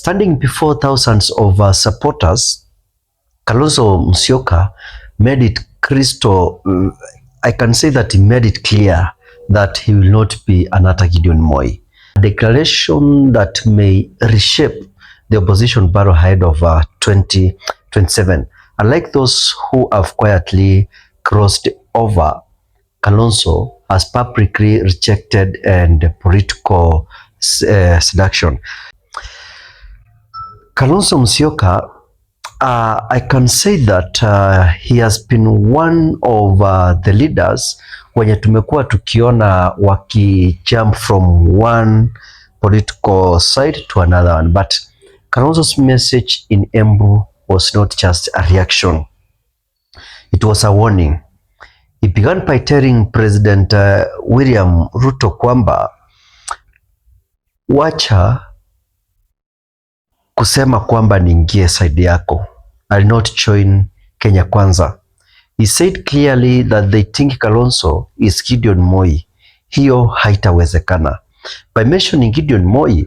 Standing before thousands of uh, supporters, Kalonzo Musyoka made it crystal, uh, I can say that he made it clear that he will not be another Gideon Moi. A declaration that may reshape the opposition battle ahead of uh, 2027. Unlike those who have quietly crossed over, Kalonzo has publicly rejected and political uh, seduction. Kalonzo Musyoka, uh, I can say that uh, he has been one of uh, the leaders wenye tumekuwa tukiona jump from one political side to another one but Kalonzo's message in Embu was not just a reaction it was a warning he began by telling President uh, William Ruto kwamba wacha kusema kwamba niingie side yako. I'll not join Kenya Kwanza. He said clearly that they think Kalonzo is Gideon Moi. Hiyo haitawezekana. By mentioning Gideon Moi,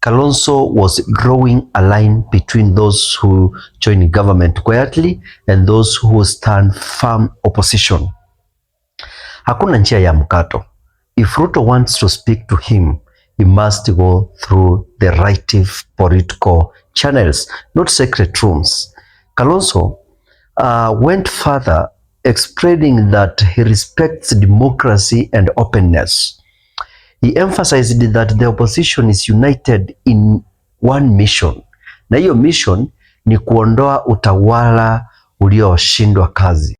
Kalonzo was drawing a line between those who join government quietly and those who stand firm opposition. Hakuna njia ya mkato. If Ruto wants to speak to him, he must go through the right political channels, not secret rooms. Kalonzo uh, went further explaining that he respects democracy and openness. He emphasized that the opposition is united in one mission, na hiyo mission ni kuondoa utawala ulioshindwa kazi.